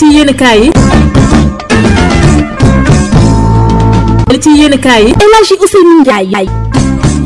ci yéenekaay yi ci yéenekaay yi El Hadji Ousseynou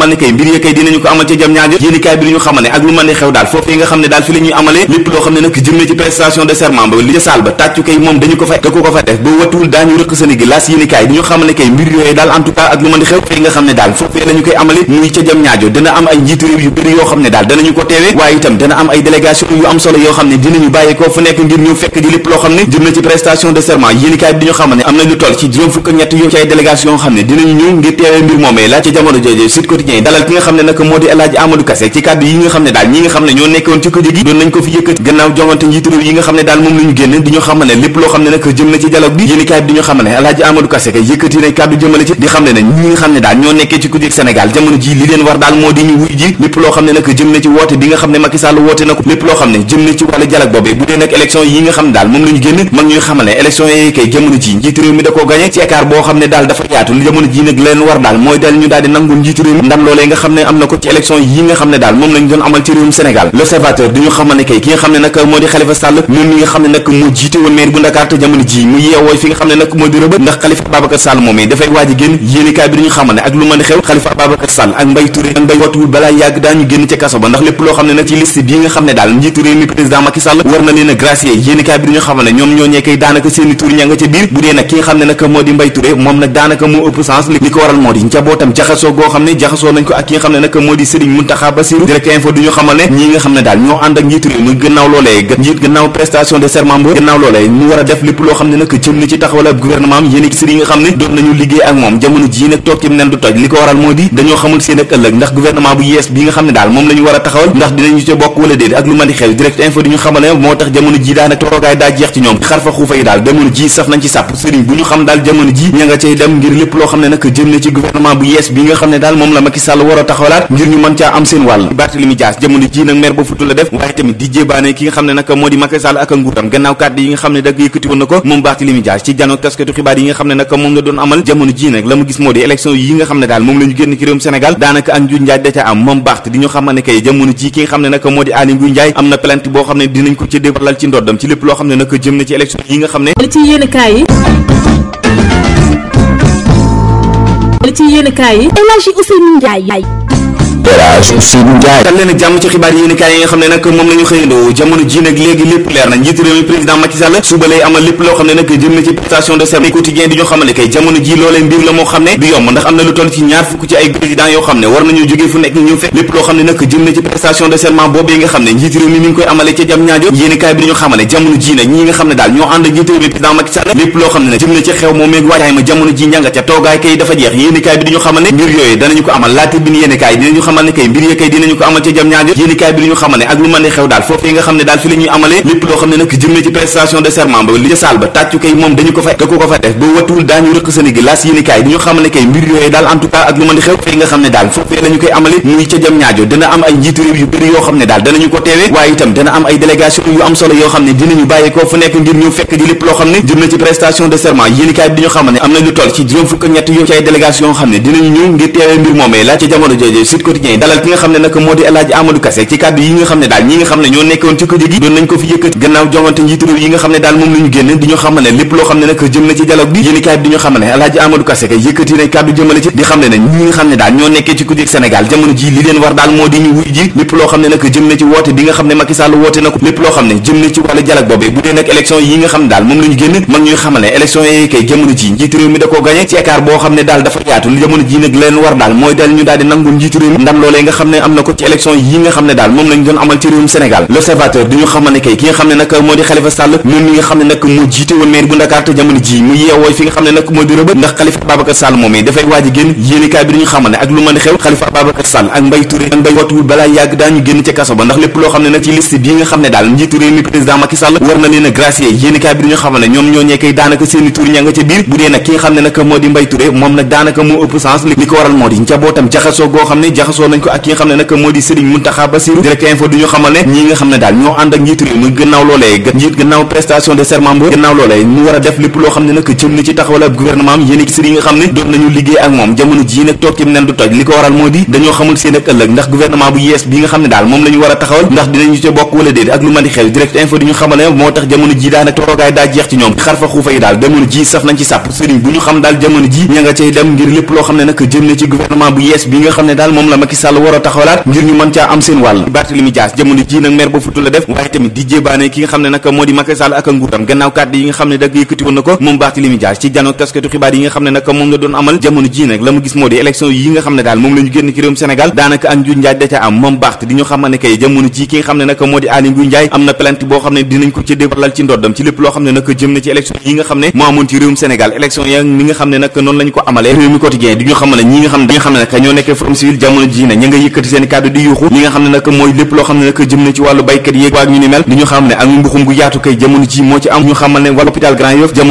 xamal ne kay mbir ya ko amal ca jam ñaajo yéenikaay bi ñu xamal ne ak lu mën di xew daal foofu nga xam ne daal fi la koy amale muy ca jam ñaajo dina am ay njiitu réew yu bëri yoo xam ne daal danañu ko teewee waaye itam dana am ay délégation yu am solo yoo xam ne dinañu bàyyi ko fu nekk ngir ñu fekk ji lépp loo xam ne jëm na ci prestation de serment yéenikaay bi di xamal ne am na lu toll ci juróom fukk ñett ci ay délégation xam ne dinañu Quotidien dalal ki nga xam ne nag moo di El Hadji Amadou ci kàddu yi nga xam ne daal ñi nga xam ne ñoo nekkoon ci kujje yi nga xam ne daal ñoo nekkee ci kujje yi nga xam ne daal moom la génn mag ñuy xamal ne élection yooyu kay jamono ji njiitu da koo gañe ci boo xam ne daal dafa yaatu jamono ji nag leen war daal mooy daal ñu daal nangul njiitu ndam loolee nga xam ne am na ko ci élection yi nga xam ne daal moom lañ doon amal ci mu yeewoo fi balaa yàgg daañu génn ca kaso ba ndax lépp loo xam ne nag ci liste bi nga xam ne daal njiitu réew mi président Macky Sall war na leen a gracier yéenekaay bi di ñu ne ñoom ñoo ñekkay daanaka seeni tur ña ca biir bu dee nag ki nga xam ne nag moo di Mbaye Touré moom nag daanaka moo ëpp sens li ko waral moo di njabootam jaxasoo goo xam ne jaxasoo seetloo nañ ko ak moo di Serigne Mountakha Bassirou direct info du ñu xamal ne am yéen sëriñ yi nga xam ne doon nañu liggéey ak moom jamono ñu war a taxawal ndax dinañu ca bokk wala déedéet ak lu mën di xew direct info di ñu xamal ne moo tax jamono ji daanaka toogaay daa jeex ci ñoom xar fa xuufa yi daal jamono ji saf nañ ci sàpp sëriñ bu ñu xam daal jamono ji ña nga dem ngir lépp loo xam ne nag jëm na ci gouvernement bu yees bi nga xam ne daal moom Macky Sall war a taxawalaat ngir ñu mën caa am seen wàll Barthélemy Dias jamono ji nag maire ba futu la def waaye tamit di jéebaane ki nga xam ne nag moom Barthélemy génn ci réewum Sénégal daanaka ak njuuj njaaj da ca am moom Barth di ñu xamal kay jamono ji ki nga xam ne nag moo di Aly Ngouille Ndiaye am na plainte boo xam ne dinañ ko ci débalal ci ndoddam ci lépp loo xam ne nag jëm na ci élection yi nga xam ne li ci yéen kaay yi El Hadji Ousseynou Elhadj Seydou leen jàmm ci xibaar yi yi nga xam ne nag moom la ñu xëyandoo jamono ji nag léegi nga xam ne daal ñoo ànd ak mi président Macky lépp loo xam ne nag jëm na ci xew moom meeg waajtaay ma jamono ji njànga ca toogaay kay dafa jeex yéenekaay bi di ñu xamal ne mbir yooyu danañu ko amal laata bi ni ñu xamal ne kay mbir ya kay dinañu ko amal ca jam ñaajo yéenikaay bi li ñu xamal ne ak lu mën di xew daal foofu yi nga xam ne daal fi la ñuy amalee lépp loo xam ne nag jëm na ci prestation de serment ba li ca saal ba tàccu kay moom dañu ko fa te ku ko fa def ba wattuwul daañu rëq sa nigi laas yéenikaay di ñu xamal ne kay mbir yooyu daal en tout cas ak lu mën di xew fi nga xam ne daal foofu la ñu koy amale muy ca jam ñaajo dina am ay njiitu réew yu bëri yoo xam ne daal danañu ko teewee waaye itam dana am ay délégation yu am solo yoo xam ne dinañu bàyyi ko fu nekk ngir ñu fekk ji lépp loo xam ne jëm na ci prestation de serment yéenikaay bi di ñu xamal ne am na lu toll ci juróom fukk ñett yu ci ay délégation yoo xam ne dinañu ñëw ngir teewee mbir moomee laa ca jamono jooje quotidien dalal ki nga xam ne nag moo di El Hadji Amadou ci kàddu yi nga xam ne daal ñi nga xam ne daal moom la génn di ñu xamal ne lépp loo kay jamono ji li leen ko gañe ci boo xam ne daal dafa yaatu jamono ji nag leen war daal mooy daal ñu daal di nangul ndam loolee nga xam ne am na ko ci élection yi nga xam ne daal moom lañ doon amal ci réewum Sénégal l'observateur di ñu xamal ne kay a a xew Khalifa Ababacar loo xam ne nag ci liste bi nga xam ne daal njiitu réew mi a daanaka seeni tur ña ca biir bu dee nag ki nga xam ne nag moo di Mbaye Touré moom nag daanaka moo ëpp sens li ko waral moo di njabootam jaxasoo goo xam ne jaxasoo nañ ko ak moo di Serigne Mountakha Bassirou direct info du ñu xamal ne ñi nga xam ne daal ñoo ànd ak njiitu réew mi gannaaw loolee njiit gannaaw prestation de serment ba gannaaw loolee mu war a def lépp loo xam ne nag jëm ne ci nen bu yees bi nga xam ne daal moom la Macky moo di Macky yi nga xam ne dag moom Barthélémy Dias ci jano mu Sénégal daanaka ak njuuj njaaj da am moom Barth di ñu xam ne nag moo ne ci débalal yi nga xam ne moo amoon ci réew mi quotidien di ñu xamal nga xam ne dañu ñoo nekkee Forum Civil jamono ji ne ña nga yëkkati seen kàddu di yuuxu li nga xam ne nag mooy lépp loo xam ne nag jëm na ci wàllu baykat yéeg waag ñu ni mel di ñu xam ne ak mbuxum gu yaatu kay jamono ji moo ci am ñu xamal ne wàllu hôpital Grand Yoff lépp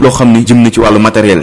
loo xam ne jëm na ci wàllu matériel